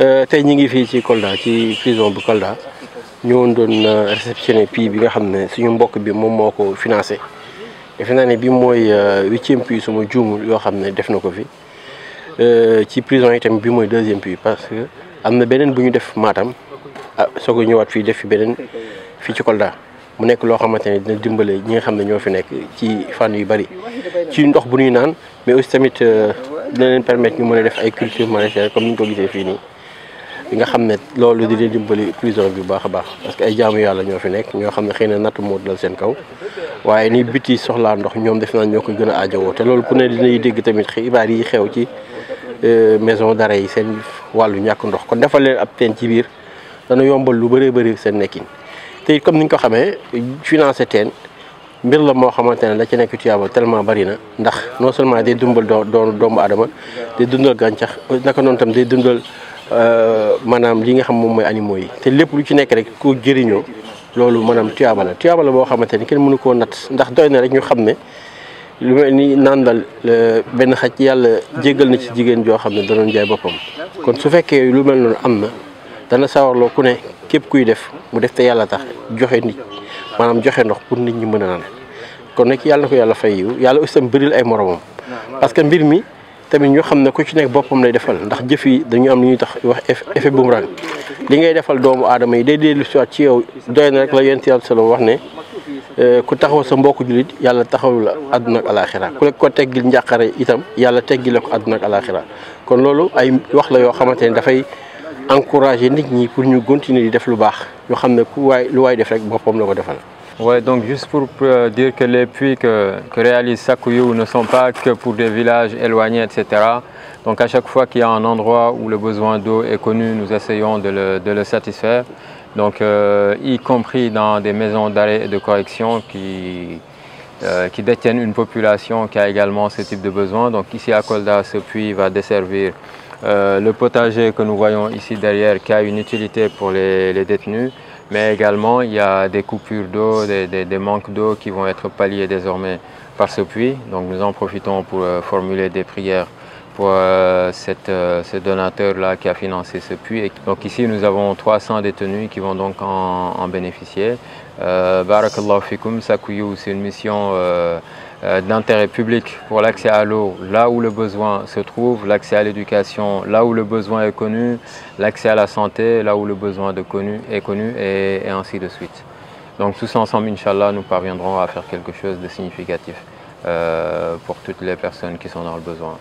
Euh, tay ñi ngi fi ci Kolda ci prison bu Kolda ñëwoon doon euh, réceptionné pi bi nga xamné suñu mbokk bi moom moko ko financé defe naa ne bi mooy euh, huitième puits suma juumul yoo xam ne def nako fi fi ci prison itam bi moy 2e puits parce que amna benen beneen bu ñu def Matam ah soo ko ñëwaat fi def fi benen fi ci Kolda mu nek lo xamanteni dina dimbalé ñi nga xam ne ñoo fi nekk ci fan yu bari ci ndox bu ñuy naan mais aussi tamit dina leen permettre ñu mëna def ay culture maraîchère comme ñu ko gisé fii nii bi nga xam ne loolu dina dimbali prison bi bu baax a baax parce que ay jaamu yàlla ñoo fi nekk ñoo xam ne xëy na nattu moo dal seen kaw waaye ni biti soxlaa ndox ñoom def naa ñoo koy gën a aajowoo te loolu ku ne dinay dégg tamit xibaar yi xew ci euh, maison d'arrêt yi seen wàllu ñàkk ndox kon defal leen ab teen ci biir dana yombal lu bëree bëri seen nekkin te comme ni nga ko xamee financé teen mbir la moo xamante ne la ci nekk tuyaaba tellement bari na ndax non seulement day dundal doo doomu aadama day dundal gàncax naka noonu tam day dundal Euh, maanaam li nga xam moom mooy animaux yi te lépp lu ci nekk rek koo jëriñoo loolu maanaam tuyaaba la tuyaaba boo xamante ni kenn mënu koo natt ndax doy na rek ñu xam ne lu mel nii naan dal benn xaj yàlla jéggal na ci jigéen joo xam ne danoon jaay boppam kon su fekkee lu mel noonu am na dana sawarloo ku ne képp kuy def mu def te yàlla tax joxe nit maanaam joxe ndox pour nit ñi mën a naan kon nag yàlla ko yàlla fay yiw yàlla aussi tam bëril ay moromam parce mbir mi tamit ñu xam ne ku ci nekk boppam lay defal ndax jëf yi dañu am lu ñuy tax wax effet boomerang li ngay defal doomu aadama yi day dellu si waat ci yow doy na rek la yonent Yàlla sallallaahu alayhi wax ne euh, ku taxaw sa mbokku jullit yàlla taxaw la àdduna ak alaaxira ku la ko teggil njàqare itam yàlla teggil la ko àdduna ak alaaxira kon loolu ay wax la yoo xamante ne dafay encourager nit ñi pour ñu continuer di def lu baax ñu xam ne ku lu waay def rek boppam la ko defal. Oui, donc juste pour euh, dire que les puits que, que réalise Sakuyu ne sont pas que pour des villages éloignés, etc. Donc à chaque fois qu'il y a un endroit où le besoin d'eau est connu, nous essayons de le, satisfaire. Donc euh, y compris dans des maisons d'arrêt et de correction euh, qui, détiennent une population qui a également ce type de besoin. Donc ici à Kolda, ce puits va desservir le potager que nous voyons ici derrière qui a une utilité pour les détenus. Mais également, il y a des coupures d'eau, des, manques d'eau qui vont être palliés désormais par ce puits. Donc nous en profitons pour euh, formuler des prières pour euh, cette, euh, ce donateur-là qui a financé ce puits. donc ici, nous avons 300 détenus qui vont donc en, bénéficier. Euh, Barakallahu Fikoum, Sakuyu, c'est une mission... Euh, euh, d'intérêt public pour l'accès à l'eau là où le besoin se trouve, l'accès à l'éducation là où le besoin est connu, l'accès à la santé là où le besoin de connu, est connu et, ainsi de suite. Donc tous ensemble, Inch'Allah, nous parviendrons à faire quelque chose de significatif euh, pour toutes les personnes qui sont dans le besoin.